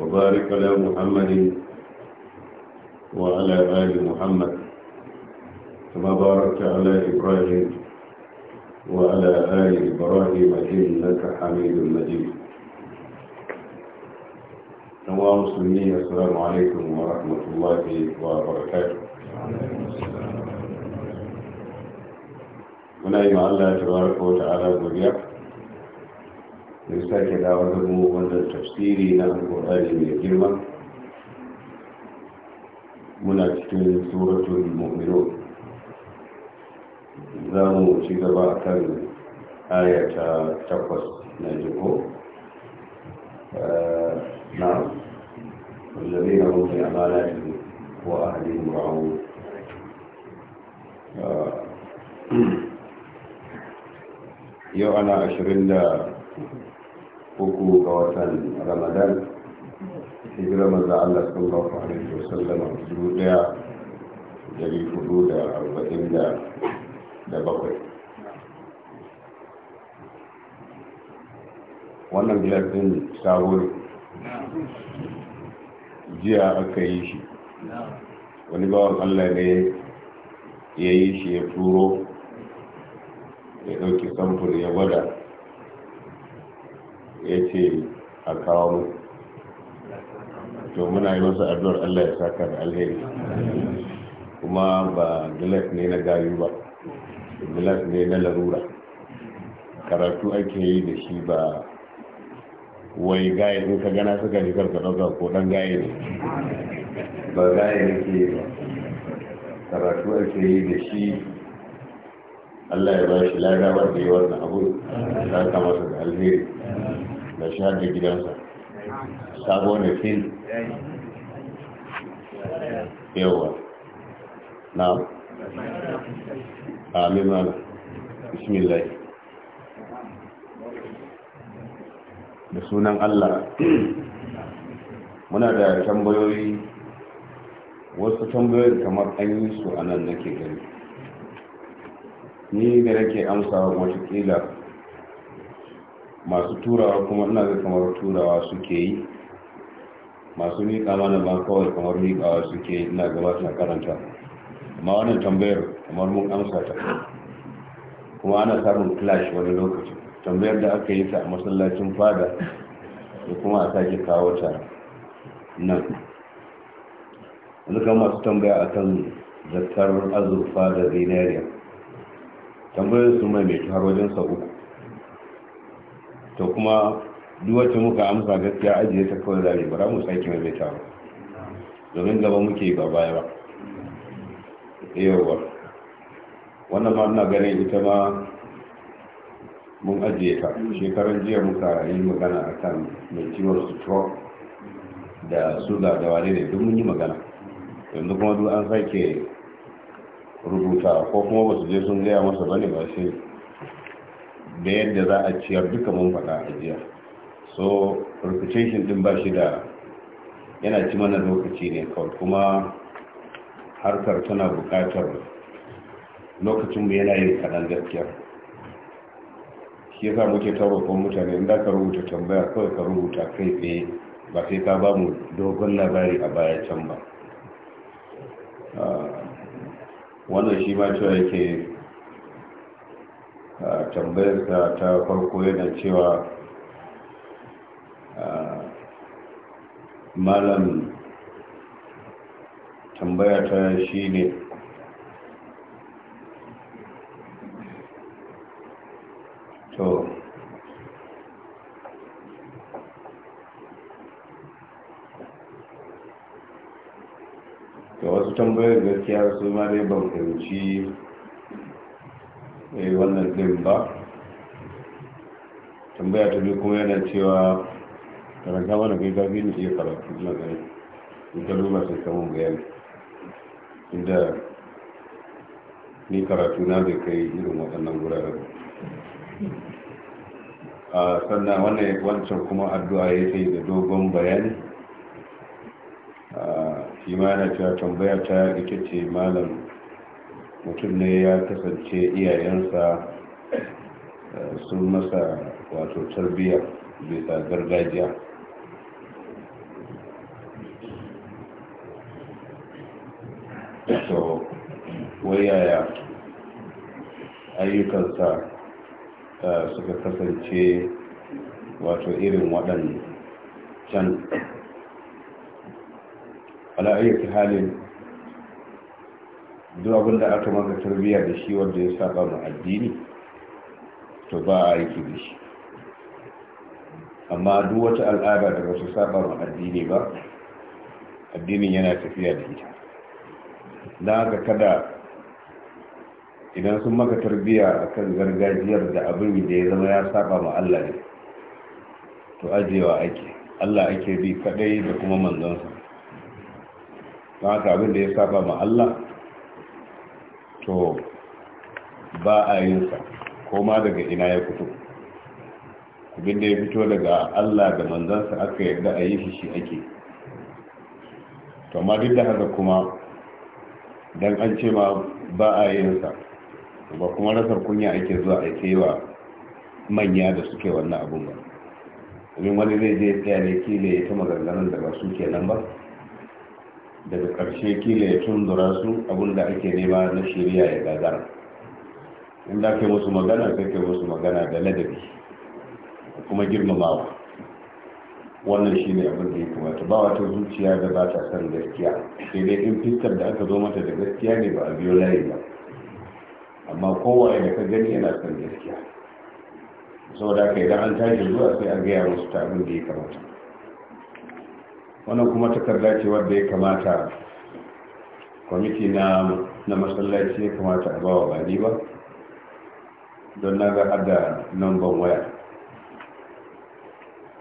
وبارك على محمد وعلى آل محمد كما بارك على إبراهيم وعلى آل إبراهيم إنك حميد مجيد نواة سلمي السلام عليكم ورحمة الله وبركاته muna الله ma'alla ta baraka wata نستعجل دعوته ولا التفسير الى القران الكريم من سورة المؤمنون زامو شيكابا كان آية تقص نجيبو نعم والذين هم في أمانتهم وأهلهم راعون يو أنا أشرين uku ga watan ramadan hijirar maza allah sallallahu alaihi wasallam dubu daya dari hudu da arba'in da bakwai wannan biyar din sahur jiya aka yi shi wani bawan allah ne ya yi shi ya turo ya ɗauki samfur ya gwada ya ce a kawo mu to muna yi masa addu'ar Allah ya saka da alheri kuma ba gilas ne na gayu ba gilas ne na larura karatu ake yi da shi ba wai gaye in ka gana suka ji karka ɗauka ko ɗan gaye ne ba gaye ne ke ba karatu ake yi da shi Allah ya ba shi lagabar da yi wannan abu ya kama su da alheri da shi hajji gidansa sabo ne fil yawa na amin mana bismillah da sunan allah muna da tambayoyi wasu tambayoyin kamar an yi su a nan nake gani ni da nake amsawa watakila masu turawa kuma ina ga kamar turawa suke yi masu miƙa mana ba kawai kamar miƙawa suke yi ina ga na karanta amma wannan tambayar kamar mun amsa ta kuma ana samun clash wani lokaci tambayar da aka yi ta a masallacin fada da kuma a sake kawo ta nan wani kan masu tambaya akan zakar azurfa da zinariya tambayar su mai mai har wajen sa uku to kuma duwace muka amsa gaskiya ajiye ta kawai zare ba mu sake mai ta ba domin gaba muke ba baya ba yawa wannan ma ina ganin ita ma mun ajiye ta shekaran jiya muka yi magana a kan mai ciwon stroke da suga da wane ne duk mun yi magana yanzu kuma duk an sake rubuta ko kuma ba su je sun gaya masa bane ba sai da yadda za a ciyar duka mun faɗa a jiya so reputation din ba shi da yana ci mana lokaci ne kawai kuma harkar tana buƙatar lokacinmu yana yin kaɗan gaskiya shi sa muke ta mutane in ka rubuta tambaya kawai ka rubuta kai tsaye ba sai ka ba mu dogon labari a baya can ba ah, wannan shi ma cewa yake tambayarsa ta farko yana cewa malam tambaya ta shi ne to da wasu tambayar gaskiya su ma dai ban fahimci yi eh, wannan ɗin ba tambaya ta biyu kuma yana cewa karanta mana kai gafi ne iya karatu na gani in ta duba sun samun bayani inda ni karatu na bai kai irin waɗannan guraren a sannan wannan wancan kuma addu'a ya ce da dogon bayani shi ma yana cewa tambaya ta ita ce malam mutum ne ya kasance iyayensa eh, sun masa wato tarbiyya bisa gargajiya so wayaya ayyukansa eh, suka kasance wato irin waɗannan can ala'ayyar halin duk abin da aka maka tarbiyya da shi wanda ya saba mu addini to ba a aiki da shi amma duk wata al'ada da wasu saba mu addini ba addinin yana tafiya da ita na haka kada idan sun maka tarbiyya akan gargajiyar da abin da ya zama ya saba mu Allah ne to ajewa ake Allah ake bi kadai da kuma manzansa don haka abin da ya saba mu Allah to ba a yin sa koma daga ina ya fito abin da ya fito daga Allah da manzansa aka yarda a yi shi shi ake to amma duk da haka kuma dan an ce ma ba a yin sa ba kuma rasar kunya ake zuwa a yi wa manya da suke wannan abun ba domin wani zai je tsaye ne kila ya ta maganganun da ba su ke nan ba daga ƙarshe kila ya tundura su abinda ake nema na shirya ya gagara in da ke musu magana sai ke musu magana da ladabi kuma girmamawa wannan shi ne abin da ya kamata ba wata zuciya da ba ta san gaskiya sai dai in fiskar da aka zo mata da gaskiya ne ba a biyo layi ba amma kowaye da ka gani yana san gaskiya saboda ka idan an tashi zuwa sai a gaya musu ta abin da ya kamata wannan kuma takarda ce wanda ya kamata kwamiti na masallaci ya kamata a bawa bani ba don na ga hada namban waya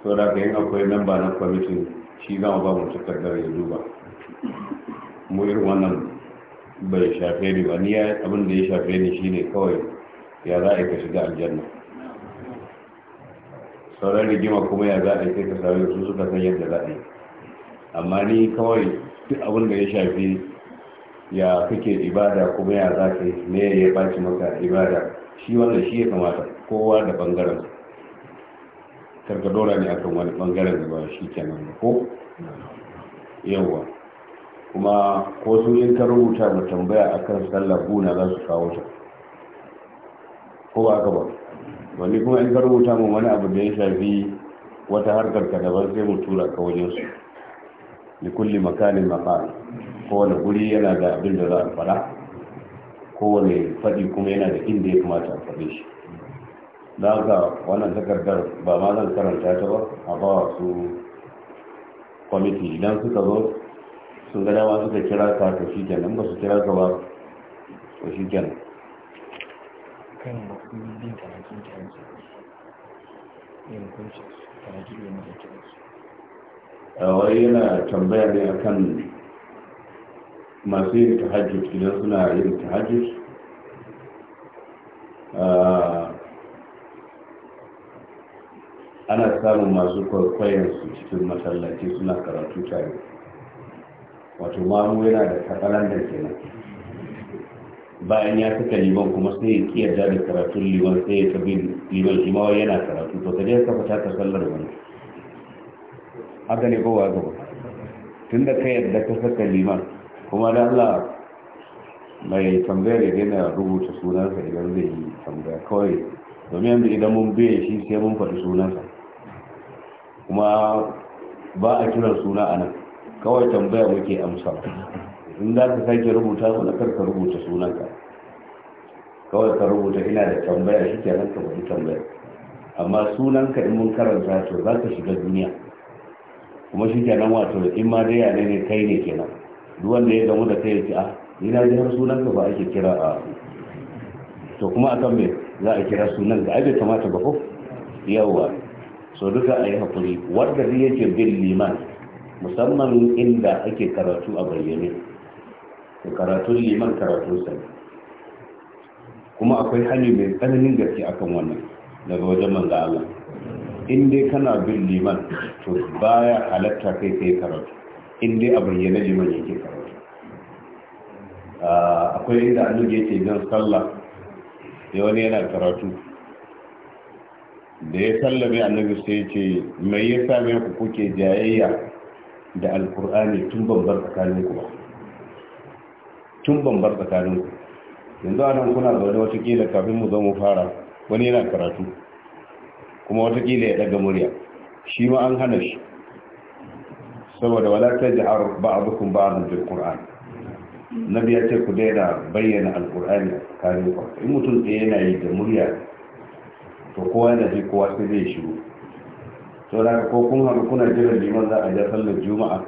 to da ka yin akwai namba na kwamitin shi zama ba mu takardar ya duba mu irin wannan bai shafe ni ba ni abin da ya shafe ni shine kawai ya za a yi ka shiga aljanna sauran rigima kuma ya za a yi ka sauran su suka san yadda za a yi amma ni kawai duk abin da ya shafi ya kake ibada kuma ya za ka ne ya baci maka ibada shi wannan shi ya kamata kowa da bangaren karka dora ne akan wani bangaren da ba shi kenan ko yawa kuma ko su yin ka rubuta da tambaya akan sallar buna za su kawo ta ko ba ka ba wani kuma in ka rubuta mu wani abu da ya shafi wata harkar ka daban sai mu tura ka wajen su da kulle makanin mafari kowane guri yana da abin da za a fara kowane faɗi kuma yana da inda ya kamata a faɗe shi da haka wannan takardar ba ma zan karanta ta ba a ba su kwamiti idan suka zo sun ga dama suka kira ka to shi kenan ba su kira ka ba to shi kenan kan bin tarakin kyanci yin kunci tarakin yin mutum kyanci wai yana tambaya ne akan masu yin tahajjud idan suna yin tahajjud ah, ana samun masu kwaikwayon su cikin masallaci suna karatu tare wato mamu yana da katsalan da kenan bayan ya saka liman kuma sai ya kiyarda da karatun liman sai ya tabi liman shi yana karatu to sai ya kafa taka sallar wani haka ne kowa gaba tun da ka yadda ka saka liman kuma da Allah mai tambayar ya gina rubuta sunansa idan zai yi tambaya kawai domin yanzu idan mun biye shi sai mun faɗi sunansa kuma ba a kiran suna a nan kawai tambaya muke amsa in za ka sake rubuta wani karka rubuta sunanka kawai ka rubuta ina da tambaya shi ke nan ka faɗi tambaya amma sunanka in mun karanta to za ka shiga duniya kuma shi nan wato in ma dai yare ne kai ne kenan duk wanda ya gamu da kai ya ce a ah, ni na ji har sunan ka ba ake kira a to kuma akan me za a kira sunan da bai kamata ba ko yawa so duka a yi hakuri wanda zai yake bin liman musamman inda ake karatu a bayyane ko karatu liman karatu sai kuma akwai hali mai tsananin gaske akan wannan daga wajen manzo Allah in dai kana bin liman to baya halatta kai kai karatu in dai a bayyana liman yake karatu akwai inda annabi ce zan sallah sai wani yana karatu da ya mai annabi sai ce mai ya same ku kuke jayayya da alkur'ani tun bambar tsakanin ku ba tun bambar tsakanin ku yanzu a nan kuna zaune wata kila kafin mu zo mu fara wani yana karatu kuma watakila ya daga murya shi ma an hana shi saboda wala ta a har ba a nufin kur'an na biyar ce ku daina bayyana alqur'ani a tsakanin ku in mutum tsaye yana yi da murya to kowa yana ji kowa sai zai shigo to da ko kun haɗu kuna jiran liman za a ja da juma'a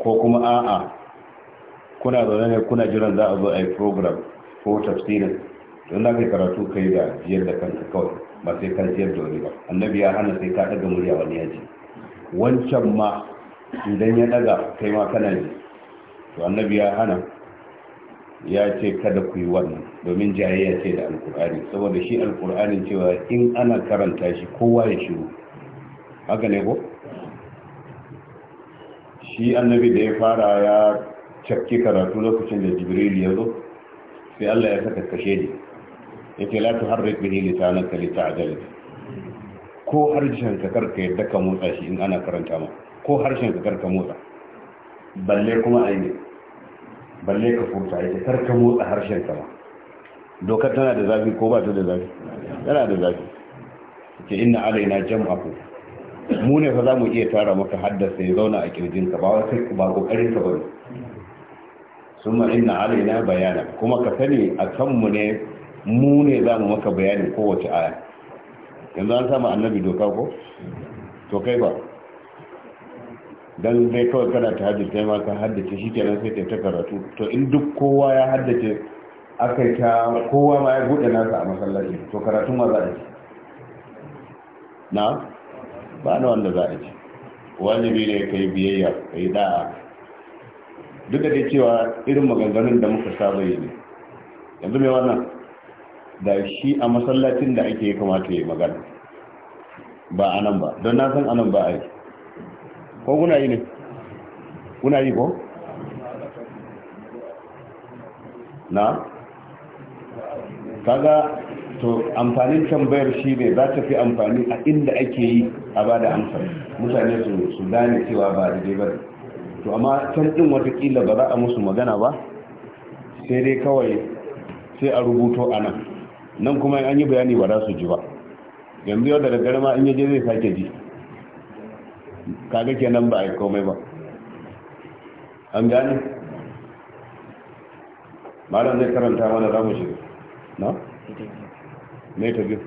ko kuma a'a kuna zaune ne kuna jiran za a zo a yi program ko tafsirin don na kai karatu kai da jiyar da kanka kawai ba sai ka jiyar da wani ba annabi ya hana sai ka daga murya wani yaji wancan ma idan ya daga kai ma kana ji to annabi ya hana ya ce kada ku yi wannan domin jayayya ce da alkur'ani saboda shi alkur'ani cewa in ana karanta shi kowa ya shiru haka ne ko shi annabi da ya fara ya cakki karatu lokacin da jibril ya zo sai allah ya saka kashe ne yake la tuharrik bihi lisanaka ta'dal ko harshen ka karka yadda ka motsa shi in ana karanta ma ko harshen ka karka motsa balle kuma ai ne balle ka furta ita karka motsa harshen ka ma dokar tana da zafi ko ba ta da zafi tana da zafi ce inna alaina jam'u mu ne fa za mu iya tara maka haddasa ya zauna a kirjinka ba wata ba kokarin ka bane summa inna alaina bayana kuma ka sani a kanmu ne mu ne za mu maka bayani kowace aya yanzu an sama annabi doka ko to kai ba dan zai kawai kana ta hajji sai ma ka haddace shi kenan sai ta karatu to in duk kowa ya haddace aka ta kowa ma ya buɗe nasa a masallaci to karatu ma za a ci na ba na wanda za a ci bi ne ka yi biyayya ka yi da'a duk da dai cewa irin maganganun da muka saba yi ne yanzu mai wannan da shi a masallacin da ake ya kamata ya magana ba a nan ba don na san a nan ba a yi ko kuna yi ne kuna yi ko na kaga to amfanin tambayar shi ne za ta fi amfani a inda ake yi a ba da amsar mutane su gane cewa ba da dai bari to amma can din watakila ba za a musu magana ba sai dai kawai sai a rubuto a nan nan kuma an yi bayani ba za su ji ba yanzu yau da garma ma in yaje zai sake ji kaga nan ba a yi komai ba an gani malam zai karanta mana za mu shiga na? mai ta biyu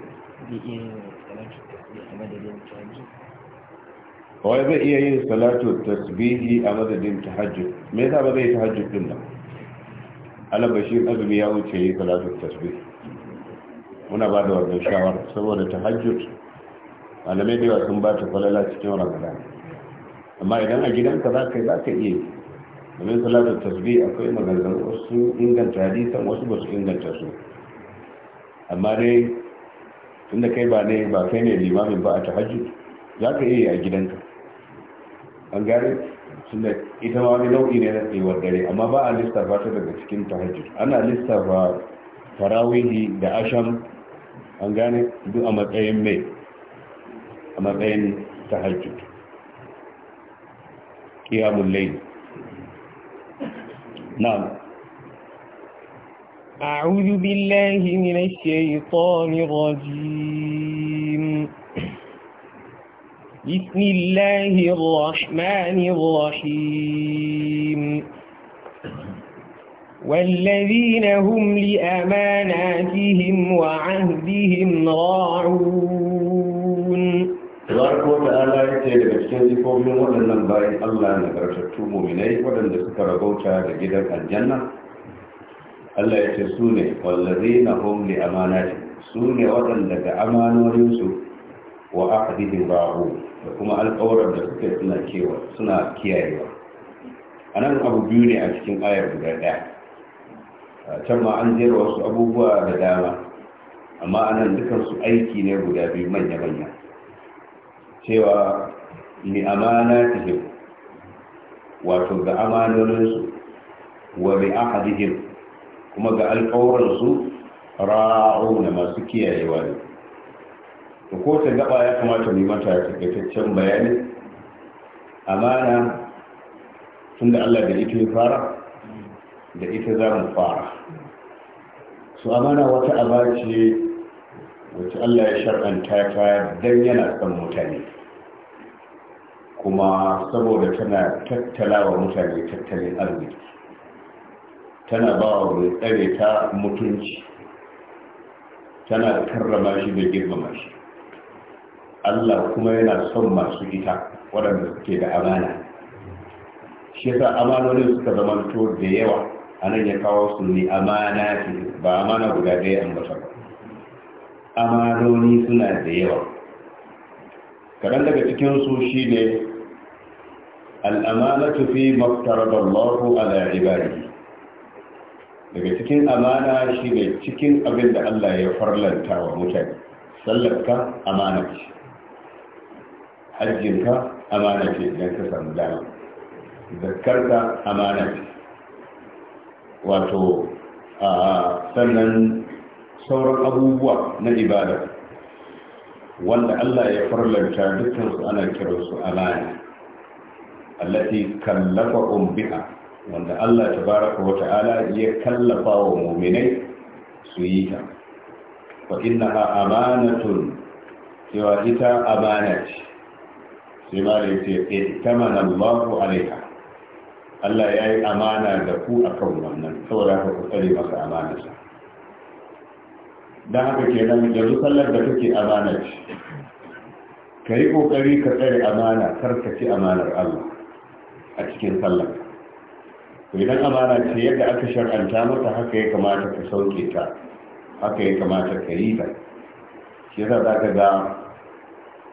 zai iya yin salatu tasbihi a madadin tahajjud me yasa ba zai hajji din nan alabashin azumi ya wuce yi salatu tasbihi muna ba da wannan shawar saboda ta hajjut malamai da yawa sun ba ta kwalala cikin ramadan amma idan a gidanka za ka yi za ka iya yi domin salatu tasbi akwai maganganu wasu inganta hadisan wasu ba su inganta su amma dai da kai ba ne ba kai ne limamin ba a tahajjud za ka iya yi a gidanka an gane da ita ma wani nau'i ne na tsewar dare amma ba a lissafa ta daga cikin tahajjud ana lissafa farawihi da asham an gane duk a matsayin mai a matsayin tahajjud qiyamul layl na'am أعوذ بالله من الشيطان الرجيم بسم الله الرحمن الرحيم والذين هم لأماناتهم وعهدهم راعون Zarko ta Allah ya ce daga cikin sifofin waɗannan bayan Allah na ƙarshattu muminai waɗanda suka rabauta da gidan aljanna. Allah ya ce su ne wallazi na homli amanati su ne waɗanda ga amanoninsu wa ahadihim ra'u da kuma alƙawarar da suka suna kewa suna kiyayewa. A nan abu biyu ne a cikin ayar guda ɗaya. can ma an jera wasu abubuwa da dama amma anan dukansu aiki ne guda biyu manya-manya cewa ni amana ta wato ga amanoninsu wa bi ahadihim kuma ga alƙawarsu ra'u na masu kiyayewa ne to ko ta gaba ya kamata mu mata takaitaccen bayani amana tunda Allah da ita ya fara da ita za mu fara su amana wata abaci ce wacce allah ya shar'anta ta don yana son mutane kuma saboda tana tattala wa mutane tattalin arziki tana ba wa tsare ta mutunci tana karrama shi da girmama shi allah kuma yana son masu ita waɗanda suke da amana shi yasa amanonin suka zama to da yawa Anan ya kawo su ne amana ce ba amana guda ɗaya an ba ba amanoni suna da yawa kaɗan daga cikinsu shi ne al'amanatu fi maftar da lafu a la'ibari daga cikin amana shi ne cikin abin da allah ya farlanta wa mutane sallarka amana ce hajjinka amana ce idan ka samu dama zakkarka amana ce wato sannan sauran abubuwa na ibada wanda Allah ya farlanta dukkansu ana kiransu alaya allati kallafa biha wanda Allah tabaraka wa ta'ala ya kallafa wa mu'minai su yi ta fa innaha amanatun cewa ita amana ce sai ma da yake ittamana Allahu alaiha Allah ya yi amana da ku a kan wannan saboda haka ku tsare masa sa dan haka ke nan yanzu sallar da kake amana ce ka yi ƙoƙari ka tsare amana kar ka ci amanar Allah a cikin sallar idan amana ce yadda aka shar'anta mata haka ya kamata ka sauke ta haka ya kamata ka yi ta shi yasa za ka ga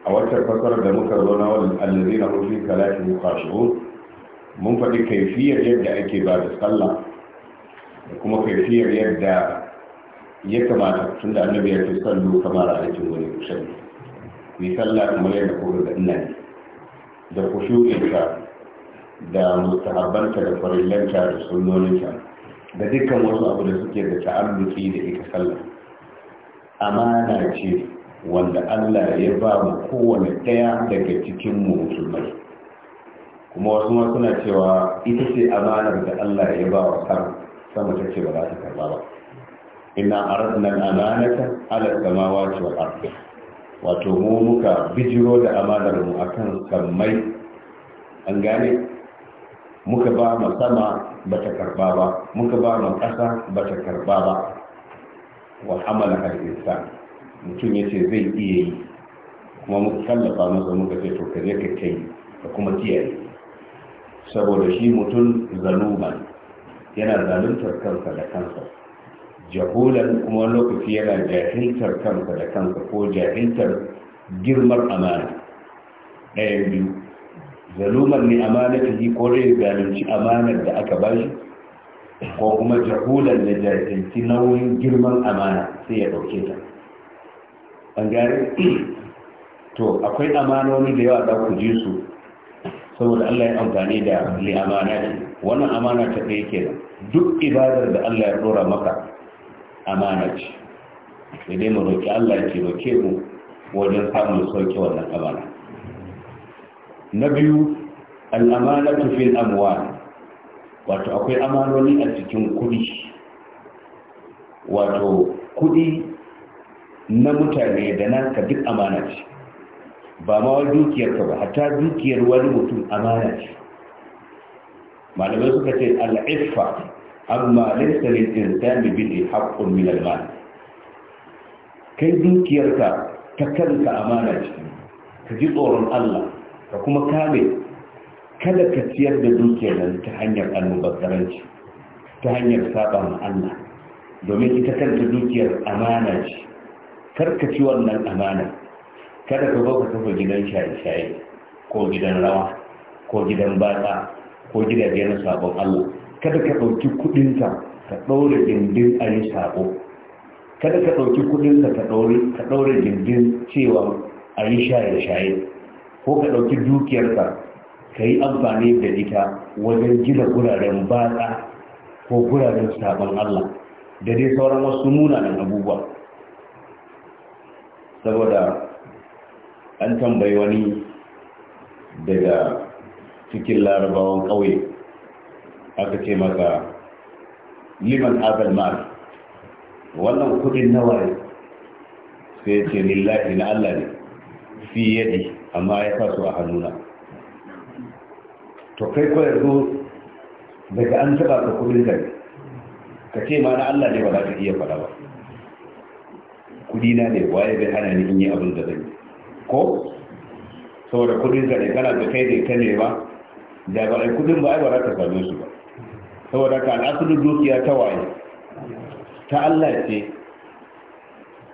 a wata fasara da muka zo na wannan allazi na hujjin kalashi ne mun faɗi kaifiyar yadda ake ba da sallah da kuma kaifiyar yadda ya kamata tun da annabi ya fi sallu kamar a cikin wani kusur mai sallah kamar yadda kuma da ina da kushurinta da mustahabbanta da farillanta da sunnoninta da dukkan wasu abu da suke da ta'alluki da ita sallah amana ce wanda Allah ya ba mu kowane ɗaya daga cikin mu musulmai kuma wasu ma suna cewa ita ce amanar da Allah ya ba wa kan sama ta ce ba za ta karba ba ina aradna amanata ala samawati wal ardi wato mu muka bijiro da amanar mu akan kamai an gane muka ba mu sama ba ta karba ba muka ba mu kasa ba ta karba ba wa amala al insan mutum yace zai iya yi kuma muka kallafa masa muka ce to kaje ka kai ka kuma kiyaye saboda shi mutum zaluman yana zaluntar kansa da kansa jahulan kuma lokaci yana jahiltar kansa da kansa ko jahiltar girmar amana ɗayan biyu zaluman ne amana ta yi ko rai zalunci amanar da aka bashi ko kuma jahulan da jahilci nauyin girman amana sai ya ɗauke ta an to akwai amanoni da yawa za ku ji su saboda Allah ya amfani da li'amana amana ce wannan amana ta kai ke duk ibadar da Allah ya dora maka amana ce sai dai mu roki Allah ya taimake mu wajen samun sauki wannan amana na biyu ta fil amwal wato akwai amanoni a cikin kudi wato kudi na mutane da naka duk amana ce ba ma wani dukiyar ka ba hata dukiyar wani mutum amana ce malamai suka ce al'iffa amma laysa lil insani bil haqqun min al-mal kai dukiyar ka ta kanka amana ce ka ji tsoron Allah ka kuma kame kada ka ciyar da dukiyar nan ta hanyar almubazzaranci ta hanyar saba Allah domin ita kanta dukiyar amana ce kar ka ci wannan amana kada ka baka ka gidan shaye-shaye ko gidan rawa ko gidan bata ko gidaje na sabon allah kada ka ɗauki kuɗinka ka ɗaure dindin a yi sabo kada ka ɗauki kuɗinka ka ɗaure dindin cewa a yi shaye-shaye ko ka ɗauki dukiyarka ka yi amfani da ita wajen gina guraren bata ko guraren sabon allah da dai sauran wasu munanan abubuwa saboda an tambayi wani daga cikin larabawan ƙauye aka ce maka liman abel mal wannan kudin nawa ne sai ce lillahi na allah ne fi yadi amma ya faso a hannuna to kai ko yanzu daga an taɓa ka kudin ka ka ce ma na allah ne ba za ka iya faɗa ba kudina ne waye bai hana ni in yi abin da zan yi ko saboda kudin ka ne kana da kai da ita ne ba da ba ai kudin ba ai ba za ka same su ba saboda ka al'asirin dukiya ta waye ta Allah ce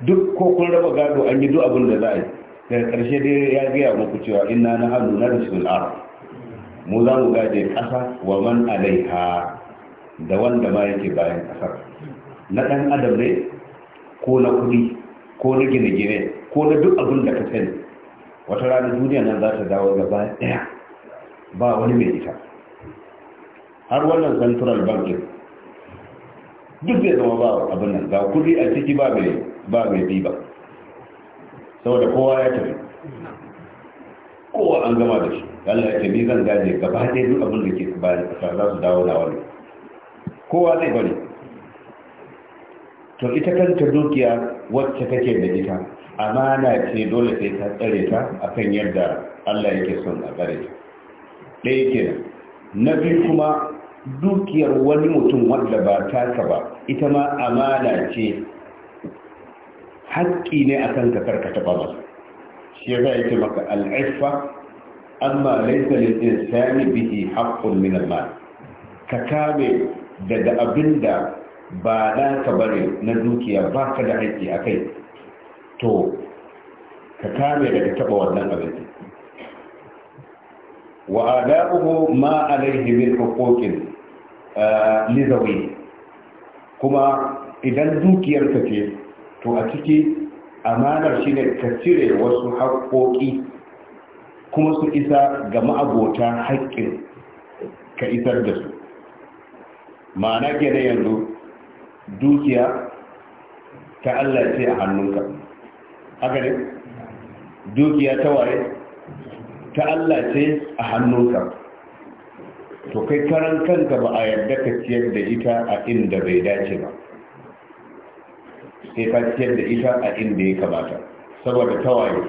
duk ko kun raba gado an yi duk abin da za a yi daga ƙarshe dai ya gaya muku cewa ina na hannu na rasul ar mu za mu gaje ƙasa wa man alaiha da wanda ma yake bayan ƙasar na ɗan adam ne ko na kuɗi ko na gine-gine ko na duk abin da ka sani wata rana duniya nan za ta dawo gaba ɗaya ba wani mai ita har wannan central banking duk zai zama ba abin nan ga kudi a ciki ba mai ba mai bi ba saboda kowa ya tafi kowa an gama da shi Allah ya ce zan gaje gaba ɗaya duk abin da ke bayan ƙasa za su dawo na wani kowa zai bari to ita kanta dukiya wacce kake da ita amana ce dole sai ta tsare ta akan yadda Allah yake son a tsare ta ɗaya nan, na biyu kuma dukiyar wani mutum wanda ba taka ba ita ma amana ce haƙƙi ne akan ka taɓa ba masu shi ya yake maka al'aifa amma laisa lil sami bihi haƙƙun min al ka kame daga abinda ba da ka bare na dukiya ba ka da haƙƙi kai. to ka kame ka taba wannan abinci wa adabuhu ma alaihi min huquqin eh, li zawi kuma idan dukiyar ka ce to a ciki amanar shine ka cire wasu haƙoƙi kuma su isa ga ma'abota haƙƙin ka isar da su ma'ana kenan yanzu dukiya ta Allah ce a hannunka haka ne dukiya ta waye ta Allah ce a hannunka to kai karan kanka ba a yadda ka ciyar da ita a inda bai dace ba sai ka ciyar da ita a inda ya kamata saboda ta waye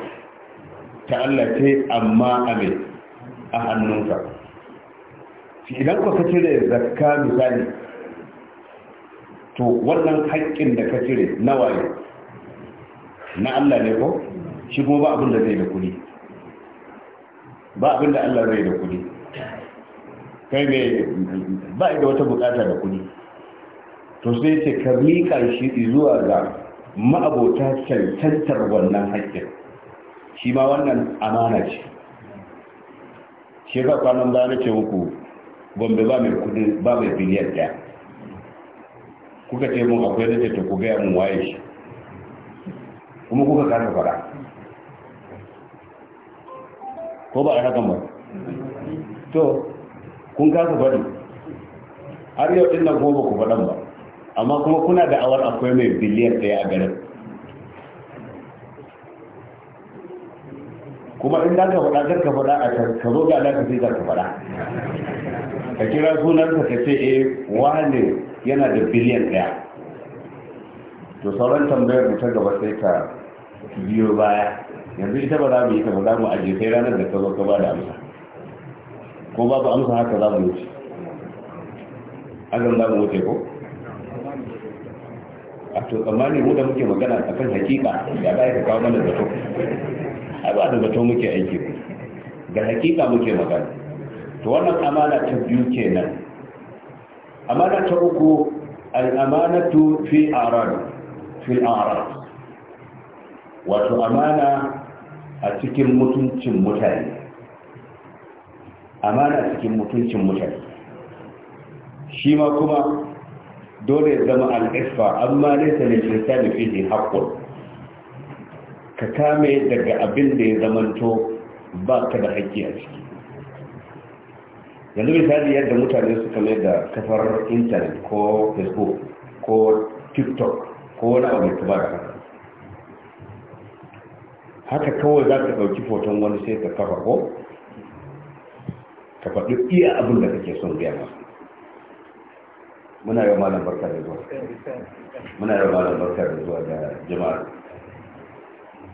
ta Allah ce amma ame a hannunka idan ka ka cire zakka misali to wannan haƙƙin da ka cire na waye na Allah ne ko shi kuma ba abin da zai da kuɗi ba abin da Allah zai da kuɗi kai ne ba da wata bukata da kuɗi to sai ce ka miƙa shi zuwa ga ma'abota cancantar wannan haƙƙin shi ma wannan amana ce shi kwanan ba na ce muku gombe ba mai kudin ba mai biliyan ɗaya kuka ce mun akwai na ce to ku gaya mun waye shi kuma kuka kasa fara ko ba a hakan ba to kun kasa faɗi har yau ɗin nan kuma ba ku faɗan ba amma kuma kuna da awar akwai mai biliyar ɗaya a garin kuma in za ka faɗa kar ka faɗa a ka zo ga alaƙa sai za ka faɗa ka kira sunansa ka ce eh wane yana da biliyan ɗaya to sauran tambayar mutar ta gaba sai ka biyo baya yanzu ita ba za mu yi ta ba za mu ajiye sai ranar da ta zo ka ba da amsa ko babu amsa haka za mu wuce azan za mu wuce ko a to tsammani mu da muke magana a kan hakika ya ba ya kawo mana zato a ba da zato muke aiki da hakika muke magana to wannan amana ta biyu kenan amana ta uku al tu fi arad fi al wato amana a cikin mutuncin mutane amana a cikin mutuncin mutane shi ma kuma dole zama al'isfa amma nesa ne shirta da fiye haƙƙon ka kame daga abin da ya zamanto ba ka da haƙƙi a ciki yanzu misali yadda mutane suka mai da kafar intanet ko facebook ko tiktok ko wani abu da ba da haka haka kawai za ka ɗauki foton wani sai ka kafa ko ka faɗi iya abin da kake son gaya masu muna yau malam barka da zuwa muna yau malam barka da zuwa da jama'a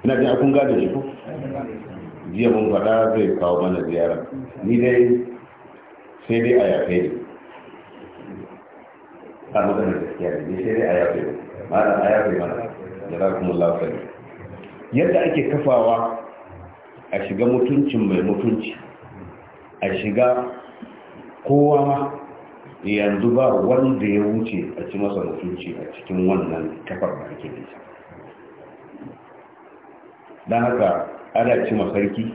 ina jin akun gane shi ko jiya mun faɗa zai kawo mana ziyara ni dai sai dai a yafe ne a magana gaskiya ne sai dai a yafe ne malam a yafe mana da kuma lafiya yadda ake kafawa a shiga mutuncin mai mutunci a shiga kowa yanzu ba wanda ya wuce a ci masa mutunci a cikin wannan kafar da ake nisa don haka ana ci sarki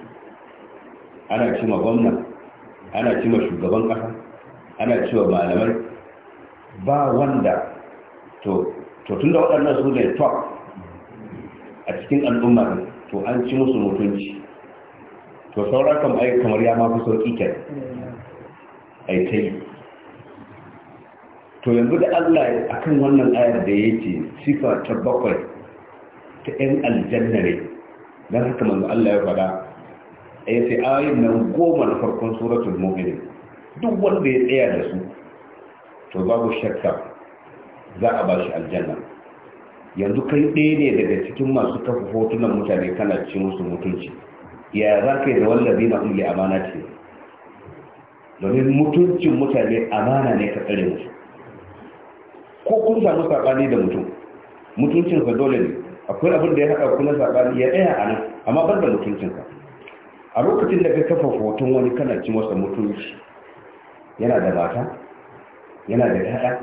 ana ci gwamna ana ci shugaban ƙasa ana ci malamai ba wanda to tun da waɗannan su ne top a cikin al'ummar to an ci musu mutunci to saura kan ai kamar ya ma kusa sauki ai ta yi to yanzu da Allah akan wannan ayar da ya ce sifa ta bakwai ta 'yan aljanna ne don haka manzo Allah ya faɗa ya sai ayin nan goma na farkon suratul mu'minin duk wanda ya tsaya da su to babu shakka za a ba shi aljanna yanzu kai ɗaya ne daga cikin masu kafa hotunan mutane kana ci musu mutunci ya za ka yi da wallazi na kulle amana ce domin mutuncin mutane amana ne ka tsare musu ko kun samu saɓani da mutum mutuncinsa dole ne akwai abin da ya haɗa kuna saɓani ya ɗaya a nan amma ban da mutuncinka a lokacin da ka kafa hoton wani kana ci masa mutunci yana da mata yana da yaya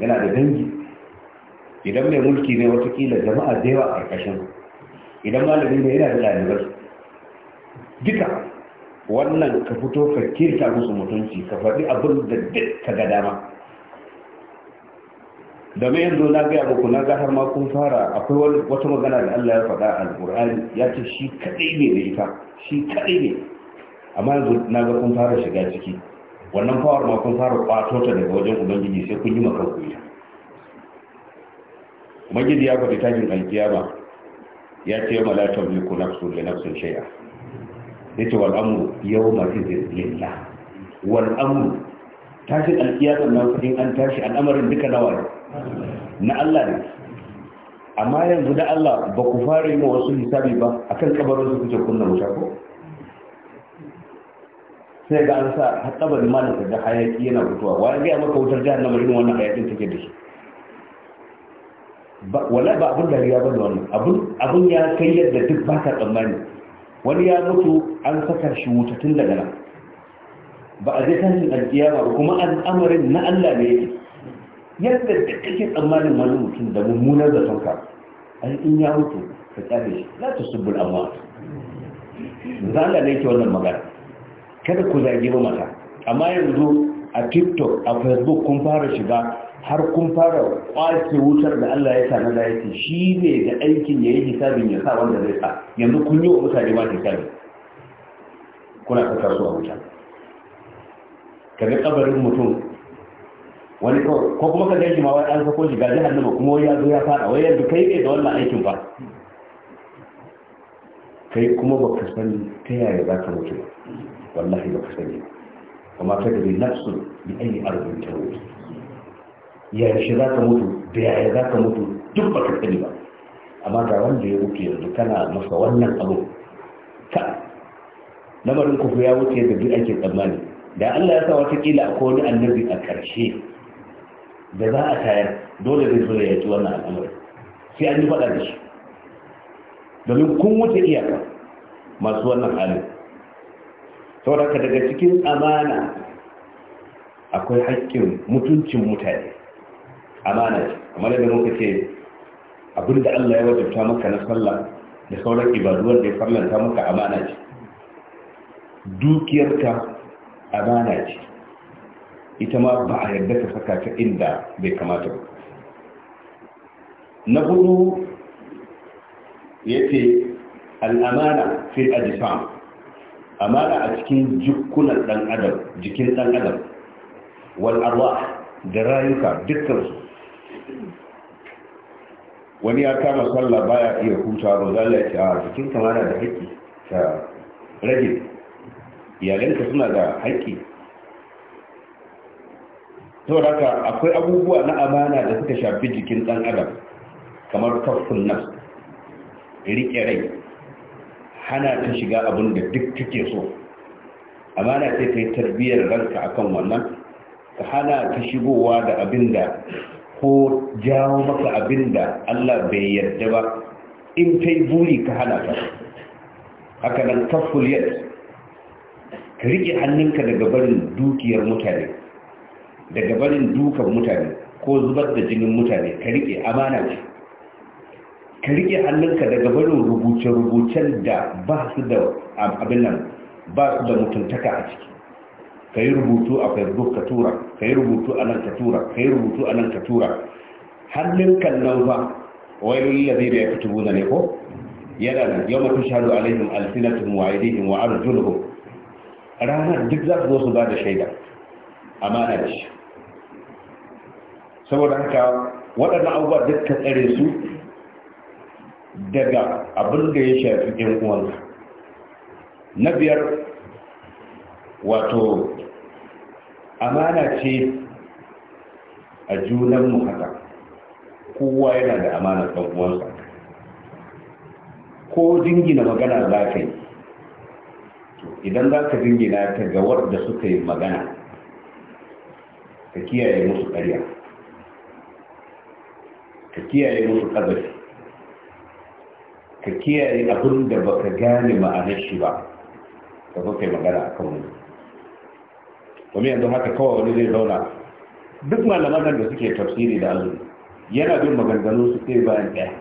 yana da dangi idan mai mulki ne watakila jama'a da yawa a ƙarƙashin idan malami ne yana da ɗalibai duka wannan ka fito ka kirta musu mutunci ka faɗi abin da duk ka ga dama da yanzu na gaya muku na har ma kun fara akwai wata magana da Allah ya faɗa a al ya ce shi kadai ne da ita shi kaɗai ne amma yanzu na ga kun fara shiga ciki wannan fawar ma kun fara kwato ta daga wajen ubangiji sai kun yi maka ita majid ya gwada tashin ba ya ce ma la tamliku nafsu li nafsin shay'a yace wal amru yawma idhin lillah wal amru tashin alkiyama nan fadin an tashi al'amarin duka nawa ne na Allah ne amma yanzu da Allah ba ku fara yi ma wasu hisabi ba akan kabarin su kuce kunna wuta ko sai ga an sa har malaka da hayaki yana fitowa wani ga maka wutar jahannama irin wannan hayakin take da shi wala ba abin dariya ba da wani. abin ya kai yadda duk ba ka tsammani wani ya mutu an saka shi wuta tun daga nan ba a zai tashin alkiyama ba kuma al'amarin na allah ne yake yadda da kake tsammanin wani mutum da mummunar da sauka an in ya mutu ka tsare shi za ta subul amma za allah ne yake wannan magana kada ku zage ba mata amma yanzu a tiktok a facebook kun fara shiga har kun fara kwace wutar da Allah ya sa na yake shi ne da aikin ya yi hisabin ya sa wanda zai sa yanzu kun yi wa mutane ma hisabi kuna ta su a wuta kaga kabarin mutum wani ko kuma ka gaji ma wai an sako shi nama kuma ya zo ya fada wai yanzu kai ne da wannan aikin ba kai kuma ba ka san ta yaya za ka mutu wallahi ba ka sani amma ta da nafsu bi ayi arzin ta wuce yarshe za ka mutu da yaya za ka mutu duk ba ka sani ba amma ga wanda ya mutu yanzu kana masa wannan abu ka lamarin kufu ya wuce da duk ake tsammani da Allah ya sa wata akwai wani annabi a karshe da za a tayar dole zai zo ya yaki wannan al'amari sai an yi faɗa da shi domin kun wuce iyaka masu wannan halin saboda daga cikin amana akwai haƙƙin mutuncin mutane amana ce kamar yadda muka ce abin da Allah ya wajabta maka na sallah da sauran ibaduwar da ya farlanta maka amana ce dukiyarka amana ce ita ma ba a yarda ka saka ta inda bai kamata ba na hudu ya ce al'amana a ajisam amana a cikin jikunan ɗan adam jikin ɗan adam wal arwa da rayuka dukkansu wani ya kama sallah baya iya huta ba za a ce a ah, cikin kamana da haƙƙi ta rage iyalinka suna da haƙƙi to haka akwai abubuwa na amana da suka shafi jikin ɗan adam kamar kafin nan riƙe rai hana ta shiga abin da duk take so amana sai ka yi tarbiyyar ranka akan wannan ka hana ta shigowa da abin da ko jawo maka abin da Allah bai yarda ba in kai buri ka hana ta haka nan kafful yadda ka riƙe hannunka daga barin dukiyar mutane daga barin dukan mutane ko zubar da jinin mutane ka riƙe amana ce ka riƙe hannunka daga barin rubuce-rubucen da ba su da abin nan ba su da mutuntaka a ciki ka yi rubutu a facebook ka tura ka yi rubutu a nan ka tura ka yi rubutu a nan ka tura hannun kallon ba wai lullabi da ya fi tubu ne ko yana nan yau mafi shaɗu alaihim alfinatun wa aidihim wa arjuluhu ranar duk za su zo su ba da shaida amana da shi saboda haka waɗannan abubuwa duk ka tsare su daga abin da ya shafi ɗin uwanka na biyar wato amana ce a junanmu haka kowa yana da amanar ɗan'uwansa ko jingina magana za ka yi idan za ka jingina ta ga wadda suka yi magana ka kiyaye musu ƙarya ka kiyaye musu ƙazafi ka kiyaye abin da baka gane ma'anar shi ba ka zo kai magana a kan wani kuma yanzu haka kawai wani zai zauna duk malaman nan da suke tafsiri da azumi yana bin maganganu su sai bayan ɗaya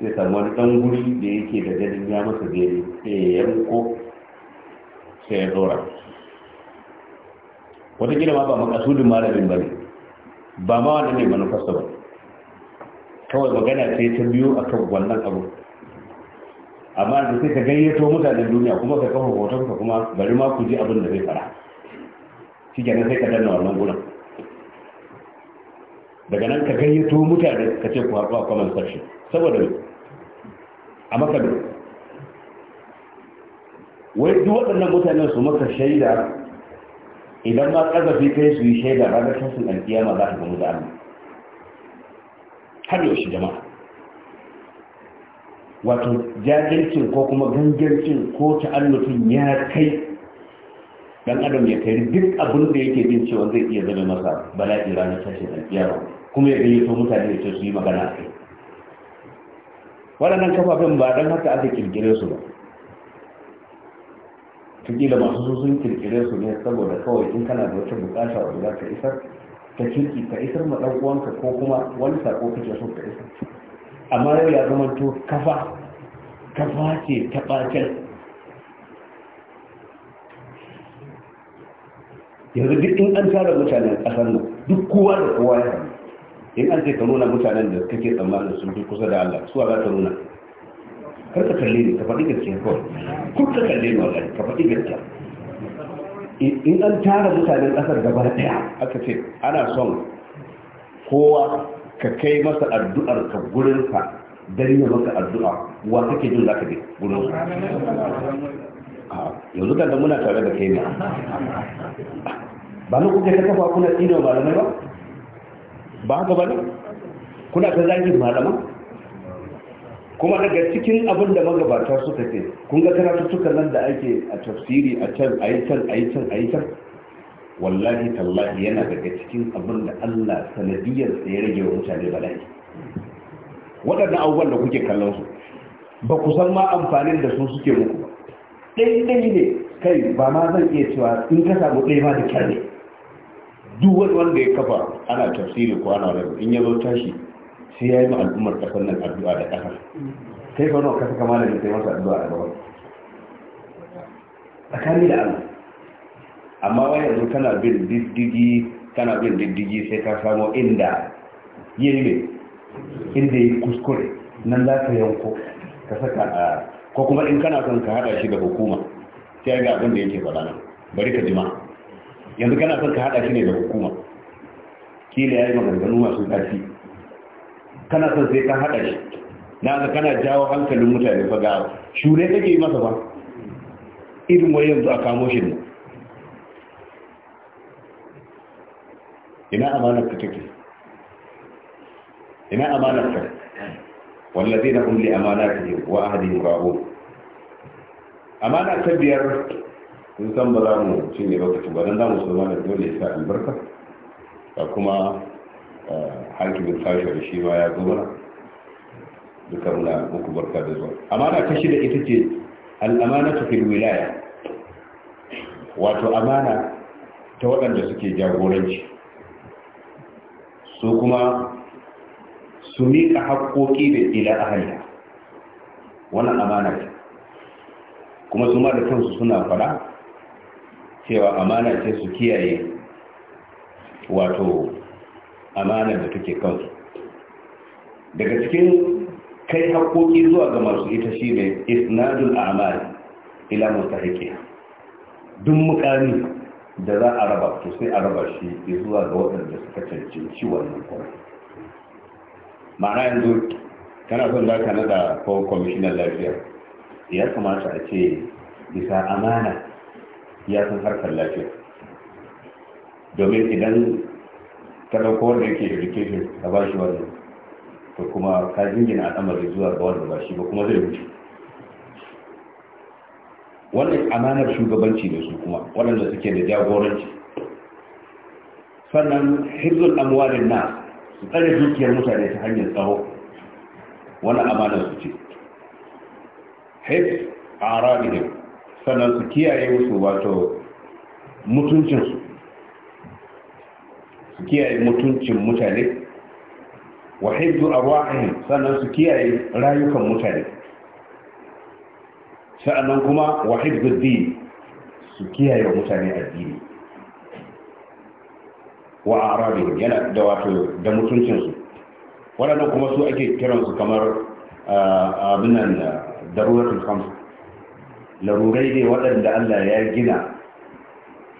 sai samu wani ɗan guri da yake da ganin ya masa daidai sai ya yanko sai ya dora wata gina ma ba makasudin malamin ba ne ba ma wani ne manufarsa ba kawai magana sai ta biyo a kan wannan abu amma da sai ka gayyato mutanen duniya kuma ka kafa hoton ka kuma bari ma ku ji abin da zai fara shi kenan sai ka danna wannan gurin daga nan ka gayyato mutane ka ce ku haɗu a comment section saboda a maka wai duk waɗannan mutanen su maka shaida idan ma ƙarfafi kai su yi shaida ba ranar sassan ma za ka gamu da Allah har yaushe jama'a wato jajircin ko kuma gangarcin ko ta'allufin ya kai dan adam ya kai duk abin da yake jin cewa zai iya zama masa bala'i ranar tashin alkiyama kuma ya gayyato mutane da ce su yi magana a kai waɗannan kafafen ba don haka aka kirkire su ba tukila masu sun kirkire su ne saboda kawai in kana da wata bukata wanda za ka isar ta kirki ka isar ma ɗan'uwanka ko kuma wani sako kake so ka isar amma yau ya zama to kafa kafa ce ta ɓacin yanzu duk in an tara mutanen ƙasar nan duk kowa da kowa ya sami in an ce ka nuna mutanen da kake tsammanin sun fi kusa da Allah suwa za ta nuna kar ka kalle ni ka faɗi gaskiya kawai kun ka kalle ni wallahi ka faɗi gaskiya in an tara mutanen ƙasar gaba ɗaya aka ce ana son kowa ka kai masa addu'ar ka gurinsa dan ya maka addu'a wa kake jin zaka bi gurin sa yanzu kan da muna tare da kai ne ba na kuke kafa kuna tsino malamai ba ba haka ba kuna ta zagin malama kuma daga cikin abin da magabata suka ce kun ga karatuttukan nan da ake a tafsiri a can a yi can a yi can a yi can wallahi tallahi yana daga cikin abin da allah sanadiyar ya rage wa mutane bala'i waɗannan abubuwan da kuke kallon su ba ku san ma amfanin da su suke muku ba ɗai ne kai ba ma zan iya cewa in ka samu ɗaya ma da kyar duk wanda ya kafa ana tafsiri ko ana rabu in ya zo tashi sai ya yi ma al'ummar kasar nan addu'a da kafa kai fa nawa kafa kama da kai masa addu'a da gaba tsakani da Allah amma wai yanzu kana bin diddigi kana bin diddigi sai ka samo inda yayi ne inda yi kuskure nan za ka yanko ka saka a ko kuma in kana son ka hada shi da hukuma sai ga abin da yake faɗa nan bari ka jima'a yanzu kana son ka hada shi ne da hukuma kila ya yi maganganu masu ƙarfi kana son sai ka hada shi na ga kana jawo hankalin mutane fa ga shure take yi masa ba irin wai yanzu a kamo shi ne ina amanar ka take ina amanar ka wallazina hum li amanatihim wa ahdihim ra'un amana ta biyar in san ba za mu cinye ba kuma don damu su zama da dole ya sa albarka ga kuma eh, hakimin da shi ma ya gobara duka muna muku barka da zuwa amana ta da ita ce al'amana ta fil wilaya wato amana ta waɗanda suke jagoranci su kuma su miƙa haƙoƙi da ila ahaliya wannan amana ce kuma su ma da kansu suna fara cewa amana ce su kiyaye wato amana da take kansu daga cikin kai haƙoƙi zuwa ga masu ita shi ne isnadul amal ila mustahiqiha duk mukami da za a raba to sai a raba shi zuwa ga waɗanda suka cancanci wannan kuma ma'ana yanzu kana son za ka nada ko kwamishinan lafiya ya kamata a ce bisa amana ya san harkar lafiya domin idan ta dauko wanda yake education a ba shi wannan to kuma ka jingina al'amari zuwa ga wanda ba shi ba kuma zai wuce wannan amanar shugabanci da su kuma waɗanda suke da jagoranci sannan hizul amwalin na su tsare dukiyar mutane ta hanyar tsaro wani amanar su ce hiz a arabihim sannan su kiyaye musu wato mutuncinsu su kiyaye mutuncin mutane wa hibdu arwahihim sannan su kiyaye rayukan mutane sa'annan kuma wa hibdu din su kiyaye mutane addini wa arabi yana da wato da mutuncinsu waɗannan kuma su ake kiransu kamar ah, abinan daruratul khamsa larurai ne waɗanda Allah ya gina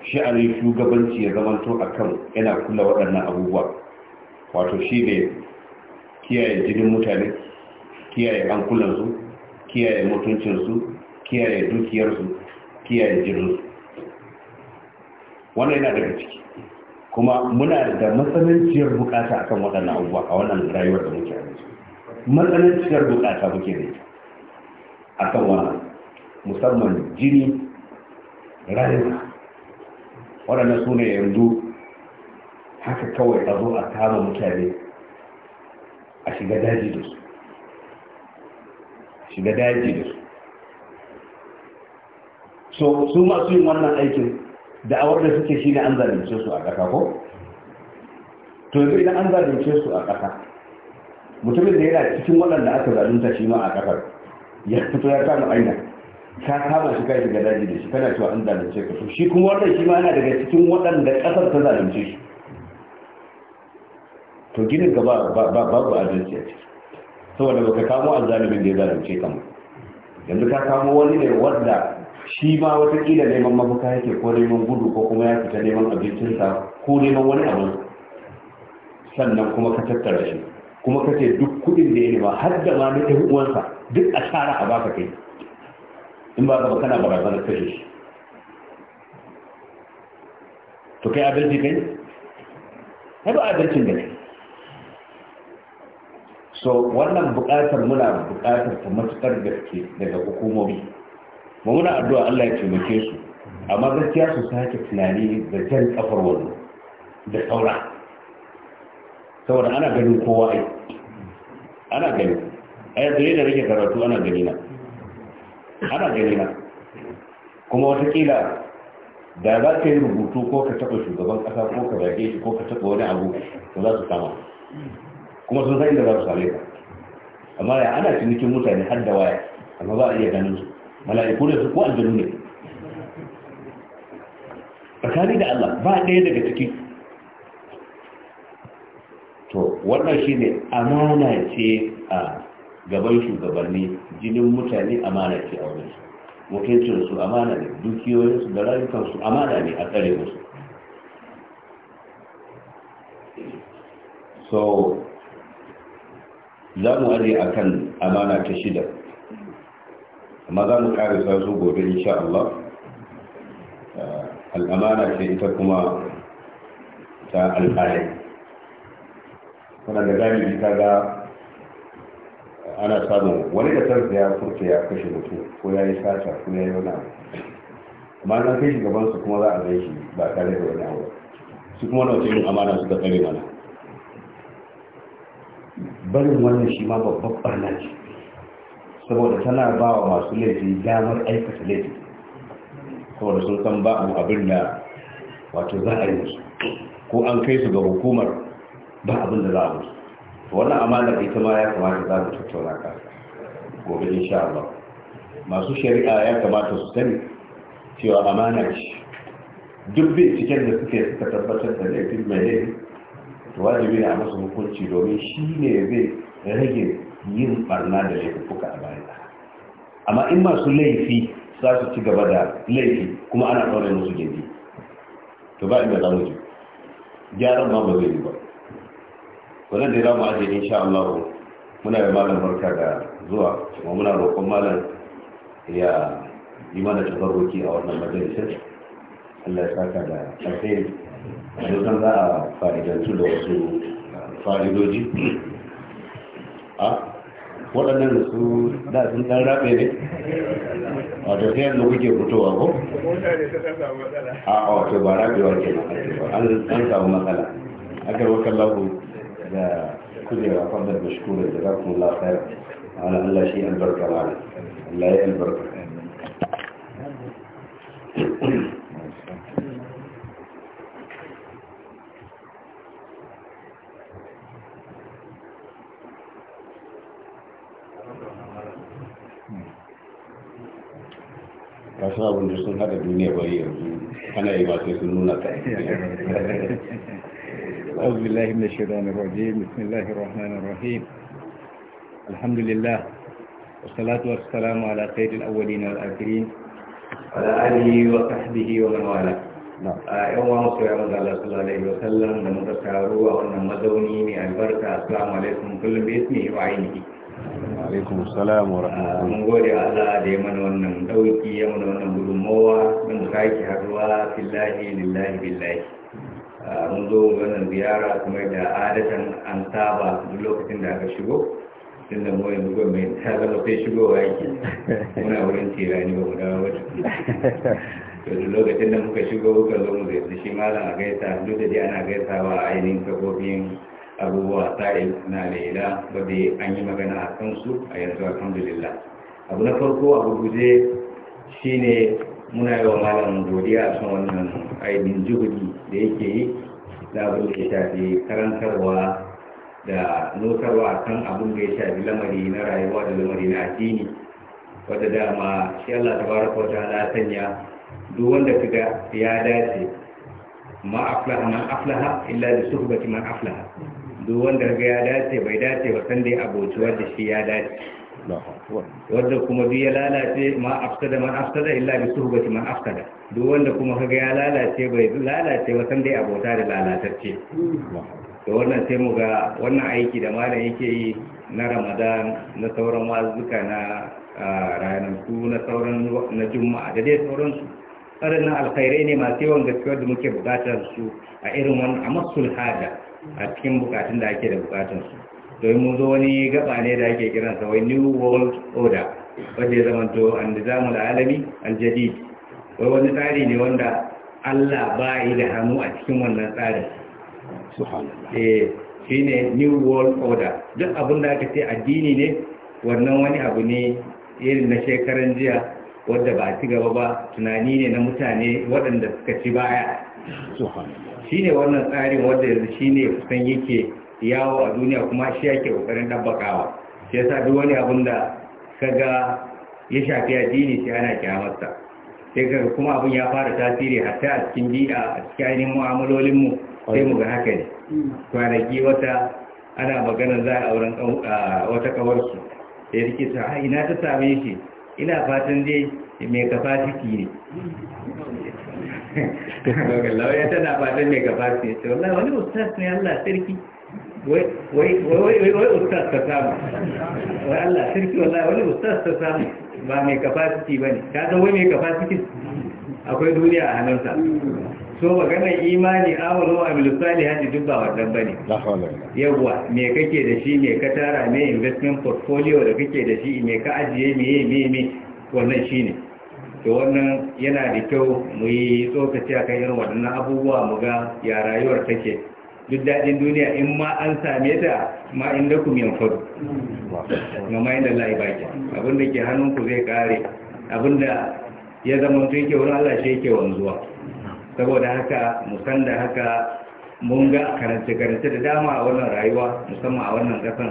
sha'anin shugabanci ya zamanto a kan yana kula waɗannan abubuwa wato shi ne kiyaye jinin mutane kiyaye hankulansu kiyaye mutuncinsu kiyaye dukiyarsu kiyaye jirinsu wannan yana daga ciki kuma muna da matsananciyar bukata akan waɗannan abubuwa a wannan rayuwar da muke a matsananciyar bukata muke ne akan wannan musamman jini rana waɗanda su ne yanzu haka kawai a zo a kama mutane a shiga daji da su shiga daji da su so su masu yin wannan aikin awar da suke shi ne an zalunce su a ƙasa ko? to yanzu idan an zalunce su a ƙasa mutumin da yana cikin waɗanda aka zalunta shi ma a ƙasar ya fito ya kama aina ka kama shi kai daga daji da shi kana cewa an zalunce ka to shi kuma wannan shi ma yana daga cikin waɗanda ƙasar ta zalunce shi to ginin ka ba babu adalci a ciki saboda baka kamo zalumin da ya zalunce ka mu yanzu ka kamo wani ne wanda shi ma watakila neman mafuka yake ko neman gudu ko kuma ya fita neman abincinsa ko neman wani abu sannan kuma ka tattara shi kuma ka ce duk kuɗin da ya nema har da ma na ɗan uwansa duk a tsara a baka kai in ba ka ba kana barazanar kashe shi to kai adalci kai kai ba adalcin da so wannan buƙatar muna buƙatar ta matuƙar gaske daga hukumomi ba muna addu'a Allah ya taimake su amma gaskiya su sake tunani da jan kafar wannan da saura saboda ana ganin kowa ai ana gani ai da rage karatu ana gani na ana gani kuma watakila da za ka yi rubutu ko ka taɓa shugaban ƙasa ko ka zage shi ko ka taɓa wani abu to za su kama kuma sun san inda za su same ka amma ya ana cinikin mutane har da waya amma ba a iya ganin su mala'iku ne su ko aljanu ne tsakani da Allah ba ɗaya daga ciki to wannan shine amana ce a gaban shugabanni jinin mutane amana ce a wurin mutuncin su amana ne dukiyoyin su da rayukan su amana ne a tsare musu so za mu aje a kan amana ta shida amma za mu karisa su gobe insha Allah uh, al'amana ce ita kuma ta al'ayi wadanda galibi ta ga ana samun wani da ya furta ya kashe mutum ko ya yi sata ko ya yi wani abu amma na kai gaban su kuma za a zai shi ba tare da wani abu su kuma na irin amana suka tsare mana barin wannan shi ma babbar barna ce saboda tana ba wa masu laifi damar aikata laifi saboda sun san ba abin da wato za a yi musu ko an kai su ga hukumar ba abin da za a musu wannan amanar ita ma ya kamata za mu tattauna ka gobe insha Allah masu shari'a ya kamata su sani cewa amana ce duk cikin da suke suka tabbatar da laifin mai laifi wajibi ne a masa hukunci domin shi ne zai rage yin barna da laifuka a baya. amma in masu laifi za su ci gaba da laifi kuma ana ɗaure musu gindi to ba inda za mu ji gyaran ma ba zai yi ba wannan da ajiye aje sha Allah muna yi malam barka da zuwa kuma muna roƙon malam ya yi mana roƙi a wannan majalisar Allah ya saka da alheri dukkan za a fa'idantu da wasu uh, fa'idoji a waɗannan su da sun ɗan raɓe ne wato sai da kuke fitowa ko? a wato ba raɓewa ke an samu matsala aka wakan lagu كثير فضل بشكور جزاكم الله خير على الله شيء البركة العالم لا يقل البركة أصلاً بنشوف هذا الدنيا بعيرة، أنا إيماتي سنونا تاني. أعوذ بالله من الشيطان الرجيم بسم الله الرحمن الرحيم الحمد لله والصلاة والسلام على خير الأولين والآخرين على آله وصحبه ومن والاه نعم آه، اللهم صل على رسول الله صلى الله عليه وسلم من تشاروا من البركة السلام عليكم كل باسمه وعينه عليكم السلام ورحمة الله آه، من غير الله ديمن ونم دوكي ومن ونم بلوموا من غير حقوا في الله لله بالله mun zo wannan ziyara kuma da adatan an saba duk lokacin da aka shigo tun da mu yanzu gwamnati ta zama sai shigowa yake muna wurin tera ne ba mu dawo wata da lokacin da muka shigo muka zo mu zai shi malam a gaisa duk da dai ana gaisawa a ainihin kafofin abubuwa sa'il na laila wadda an yi magana a kansu a yanzu alhamdulillah abu na farko abu guje shine muna yi wa malam godiya a kan wannan ainihin juhudi da yake yi za a da ya shafi karantarwa da notarwa kan abin da ya shafi lamari na rayuwa da lamari na addini wadda dama shi Allah ta baraka wata ala sanya duk wanda kaga ya dace ma aflaha man aflaha illa bi suhbati man aflaha duk wanda kaga ya dace bai dace ba san da ya aboci wanda shi ya dace wanda kuma bi ya lalace ma afsada man afsada illa bi suhbati man afsada duk wanda kuma kaga ya lalace bai lalace ba san dai abota da lalatacce to wannan sai mu ga wannan aiki da malam yake yi na Ramadan na sauran wazuka na ranar su na sauran na Juma'a da dai sauransu waɗannan alkhairai ne masu yawan gaskiyar da muke bukatar su a irin wannan a masul hada a cikin bukatun da ake da bukatun su domin mun zo wani gaba ne da ake kiransa wai new world order wadda ya zamanto an da alami aljadid wai wani tsari ne wanda Allah ba yi da hannu a cikin wannan tsarin eh, shi shine new world order duk abin da aka ce addini ne wannan wani abu ne irin na shekaran jiya wadda ba ci gaba ba tunani ne na mutane waɗanda suka ci baya shi ne wannan tsarin wadda yanzu shi ne kusan yake yawo a duniya kuma shi yake kokarin dabbakawa shi yasa duk wani abin da kaga ya shafi addini sai ana kyamarsa sai kaga kuma abin ya fara tasiri sai a cikin bid'a a cikin ainihin mu'amalolin mu sai mu ga haka ne kwanaki wata ana magana za a auren wata su sai rike ta ha ina ta same shi ina fatan dai mai capacity ne ya tana fatan mai capacity ne wallahi wani ustaz ne Allah sarki wai wai ustaz ta samu wai Allah shirki wallahi wani ustaz ta samu ba mai capacity bane ka san wai mai capacity akwai duniya a hannunsa so magana imani amalu wa amilu salihati duk ba wannan bane yawa me kake da shi me ka tara me investment portfolio da kake da shi me ka ajiye me me me wannan shine to wannan yana da kyau mu yi tsokaci akan irin waɗannan abubuwa mu ga ya rayuwar take duk daɗin duniya in ma an same ta ma in da miyan yanfadu ga ma inda Allah ya baki abinda ke hannunku zai kare abinda ya zama tun ke wurin Allah shi yake wanzuwa saboda haka musan da haka mun ga karance-karance da dama a wannan rayuwa musamman a wannan kasan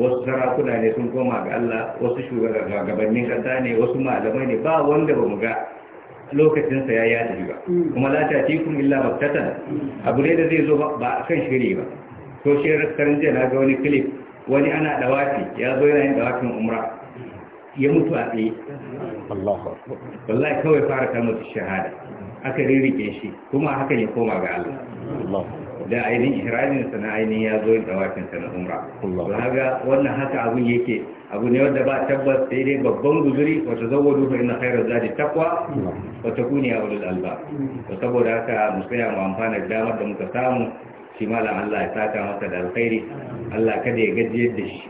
wasu sarakuna ne sun koma ga Allah wasu shugabannin kasa ne wasu malamai ne ba wanda ba mu ga lokacinsa ya yi hadari ba hmm. kuma la ta ci kun illa baktatan abu ne da zai zo ba a kan shiri ba to shi raskarin jiya na ga wani clip wani ana dawafi ya zo yana yin dawafin umra ya mutu a tsaye wallahi kawai fara kalmar shahada aka rirrike shi kuma hakan ya koma ga Allah da ainihin ihrajin sa na ainihin ya zo da wakin na umra to ga wannan haka abun yake abu ne wanda ba tabbas sai dai babban guzuri wa wadu fa inna khairu zadi taqwa wa takuni ya ulul alba to saboda haka mu tsaya mu amfana da damar da muka samu shi malam Allah ya saka masa da alkhairi Allah kada ya gajiyar da shi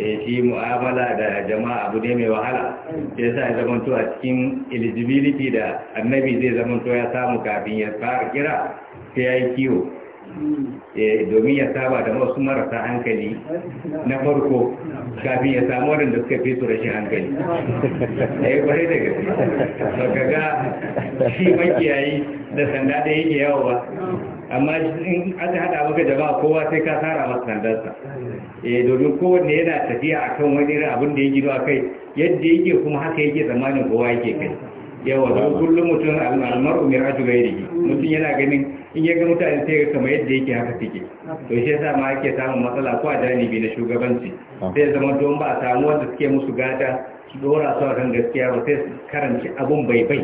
eh shi mu'amala da jama'a abu ne mai wahala sai sai zaman to a cikin eligibility da annabi zai zaman to ya samu kafin ya fara kira sai ya kiwo Eh, domin ya saba da wasu marasa hankali na farko kafin ya samu da suka fi su rashin hankali ya yi eh, kwarai da gaske ba ka ga shi makiyayi da sanda ɗaya yake yawo ba amma in aka haɗa maka jama'a kowa sai ka tsara masu sandarsa eh, domin kowanne yana tafiya akan wani irin abin da ya gino a kai yadda yake kuma haka yake zamanin kowa yake kai yawa don kullum mutum al'amar umar da gairi mutum yana ganin in ya ga mutane sai ga kama yadda yake haka take to shi yasa ma ake samun matsala ko a janibi na shugabanci ah. sai zama don ba a samu wanda suke musu gata su dora su kan gaskiya ba sai karanci abun bai bai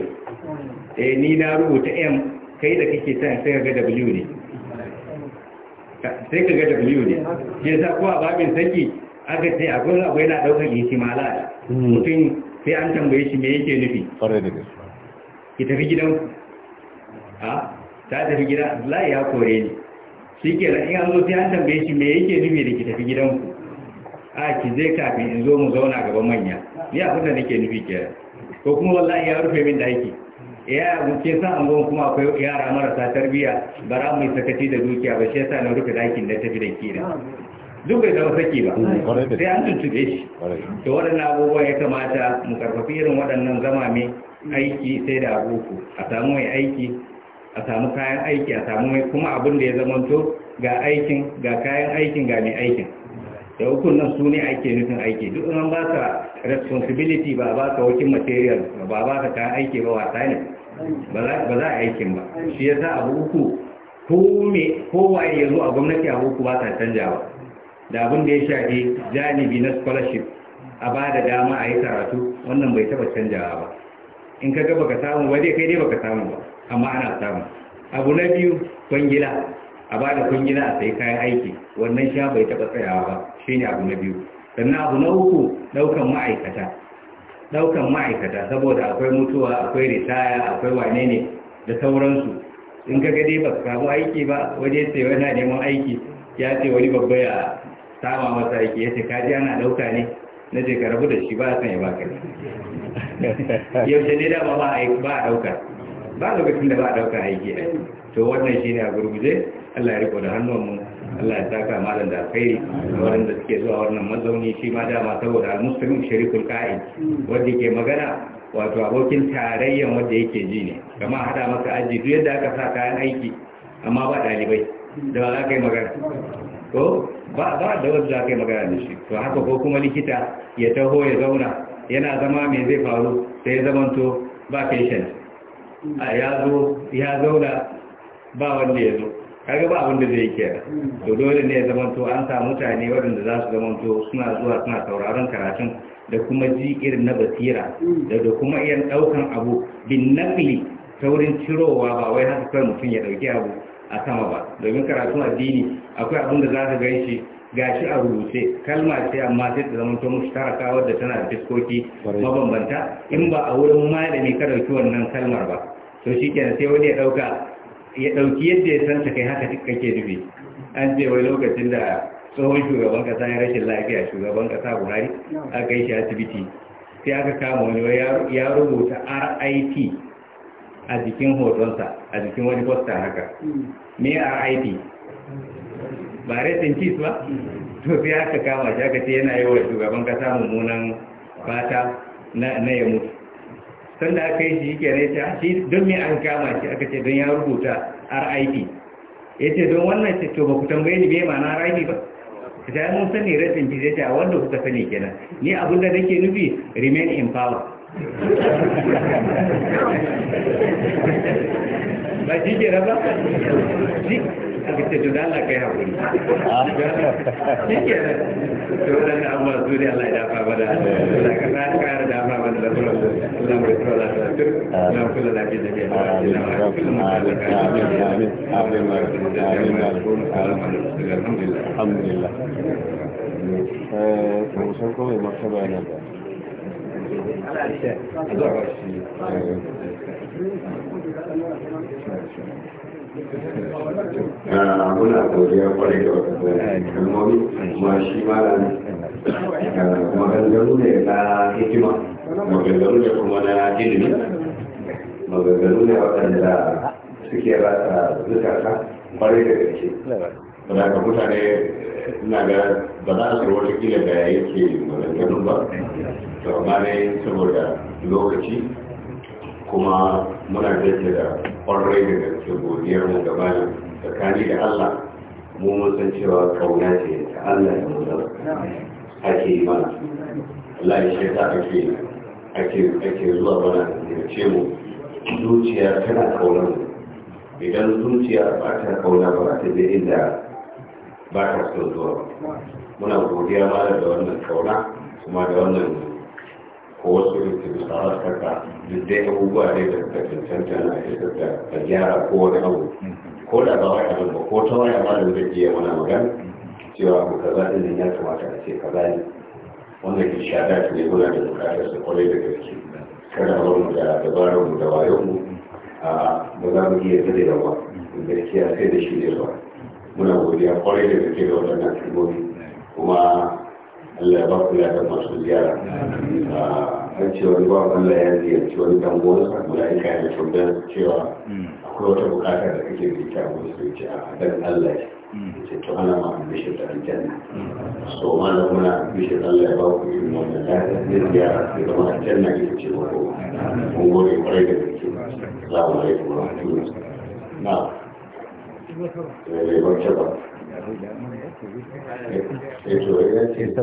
eh ni na rubuta m kai da kake san sai ga w ne sai ka ga w ne shi yasa ko a babin saki aka ce akwai akwai na daukar ihtimala hmm. mutum sai an tambaye shi me yake nufi ki tafi gidan a ta tafi gida Allah ya kore ni shi ke in an zo sai an tambaye shi me yake nufi da ki tafi gidanku a ki zai kafin in zo mu zauna gaban manya ni abin da nake nufi kenan ko kuma wallahi ya rufe min da aiki ya wuce sa an gon kuma akwai yara marasa tarbiyya bara mai sakaci da dukiya ba shi yasa na rufe dakin da tafi da da duk bai taba saki ba mm, sai an tuntube shi to waɗannan abubuwan ya kamata mu karfafi irin waɗannan zama mai mm. aiki sai da abubu a samu mai aiki a samu kayan aiki a samu mai kuma abin da ya zamanto ga aikin ga kayan aikin ga mai aikin da hukun nan su ne ake nufin aiki duk an ba ka responsibility ba ba ka wakin material ba ba ka kayan aiki ba wasa ne ba za a aikin ba shi yasa abu uku ko me kowaye yanzu a gwamnati abu uku ba ta ba da abin da ya shafi janibi na scholarship a ba da dama a yi karatu wannan bai taba canjawa ba in ka gaba ka samu ba dai kai dai baka samu ba amma ana samu abu na biyu kwangila a ba da kwangila a sai kayan aiki wannan sha bai taba tsayawa ba shine abu na biyu sannan abu na uku daukan ma'aikata daukan ma'aikata saboda akwai mutuwa akwai ritaya akwai wane ne da sauransu in ka dai ba samu aiki ba waje sai wani neman aiki ya ce wani babba ya sama masa aiki yace kaji ana ɗauka ne na je ka rabu da shi ba a san ya baka ne yaushe ne dama ba a ɗauka ba lokacin da ba a ɗauka aiki a to wannan shi ne a gurguje Allah ya riko da mu Allah ya saka malam da alkhairi da suke zuwa wannan mazauni shi ma dama saboda al-muslim sharikul qa'id wanda ke magana wato abokin tarayyan wanda yake ji ne kamar hada masa aji duk yadda aka sa kayan aiki amma ba ɗalibai da ba za ka yi magana ko ba da wanda ka yi magana da shi to haka ko kuma likita ya taho ya zauna yana zama mai zai faru sai ya zamanto ba patient a ya ya zauna ba wanda ya zo kaga ba abinda zai zai kera to dole ne ya zamanto an samu mutane waɗanda za su zamanto suna zuwa suna sauraron karatun da kuma ji irin na basira da kuma iya ɗaukan abu bin nakli taurin cirowa ba wai haka kawai mutum ya ɗauki abu a sama ba domin karatu addini akwai abin da za ka gan shi gashi a rubuce kalma ce amma sai ta zama tun mushtaraka wadda tana da fiskoki mabambanta in ba a wurin malami ka dauki wannan kalmar ba to kenan sai wani ya dauka ya dauki yadda ya san ta kai haka kake dubi an ce wai lokacin da tsohon shugaban kasa ya rashin lafiya shugaban kasa Buhari aka gaishe asibiti sai aka kama wani ya rubuta RIP a jikin hotonsa a jikin wani posta haka hmm. me a ip ba retin cheese ba to sai aka kama shi aka ce yana yi wa shugaban kasa mummunan fata na ya mutu sanda aka yi shi yake ne ta shi don me an kama shi aka ce don ya rubuta RIP ya ce don wannan ce to ba ku tambaye ni me ma'ana RIP ba ta mun sani retin cheese ya ce a wanda kuka sani kenan ni abinda nake nufi remain in power ba shi ke raba shi a kai shi ke raba wadanda su ne ya dafa da ka dafa da da da da da da da da muna godiya kwarai da wadannan kalmomi kuma shi da maganganu ne na hikima maganganu ne kuma na ilimi maganganu ne waɗanda suke rasa zukata kwarai da gaske. Wadda mutane ina ga ba za a tsaro wata kila da yake maganganu ba to amma ne saboda lokaci kuma muna jaddada ƙwarai da gaske godiyar mu gaba da tsakani da Allah mu mun san cewa kauna ce ta Allah ya mu ake yi mana Allah ya shaita ake ake ake zuwa mana da ce mu zuciya tana kauna mu idan zuciya ba ta kauna ba ta je inda ba ta so zuwa muna godiya ba da wannan kauna kuma da wannan ko wasu da tsarar kaka duk dai abubuwa ne da suka cancanta na ake da ka gyara ko wani abu ko da ba waya ba ko ta waya ba da zai iya mana magana cewa abu kaza din ya kamata a ce za ne wanda ke shaɗa ta ne muna da bukatar su kwarai da gaske kada ba mu da dabarar mu da wayo, mu a ba za mu iya zai da ba gaskiya sai da shi ne ba muna godiya kwarai da gaske da waɗannan kuma Allah ya ba ku lafiyar masu ziyara a ah, cewa ba Allah ya ziyarci wani dan gonsa mala'ika ya tambayar cewa akwai wata bukata da kake da ita a wani sun ce a dan Allah ce to ana ma bishir da aljanna so malam muna bishir Allah ya ba ku irin wannan lafiyar ziyara sai zama aljanna ita ce ba ko mun gode kwarai da gaske assalamu alaikum wa rahmatullahi na'am neman ya to ta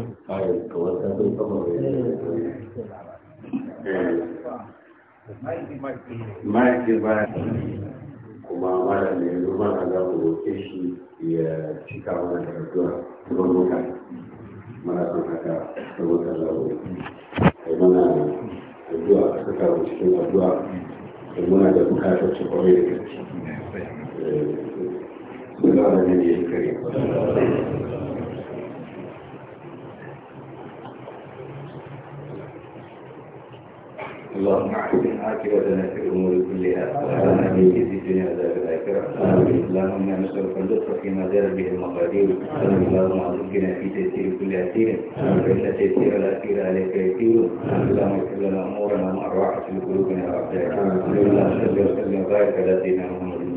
kama kuma mara ne ruwan roƙe shi ya cika mana da zuwa turon muka mara haka mana addu'a cikin addu'a muna da bukatar da gaske صلى على النبي الكريم اللهم اعلم عاقبتنا في الامور كلها واجعلنا من في الدنيا عذاب الاخره اللهم انا نسالك اللطف فيما دار به المقادير اللهم ارزقنا في تيسير كل اسير فان تيسير الاسير عليك يسير اللهم اغفر لنا امورنا مع الراحه في قلوبنا واعدائنا اللهم صل وسلم وبارك على سيدنا محمد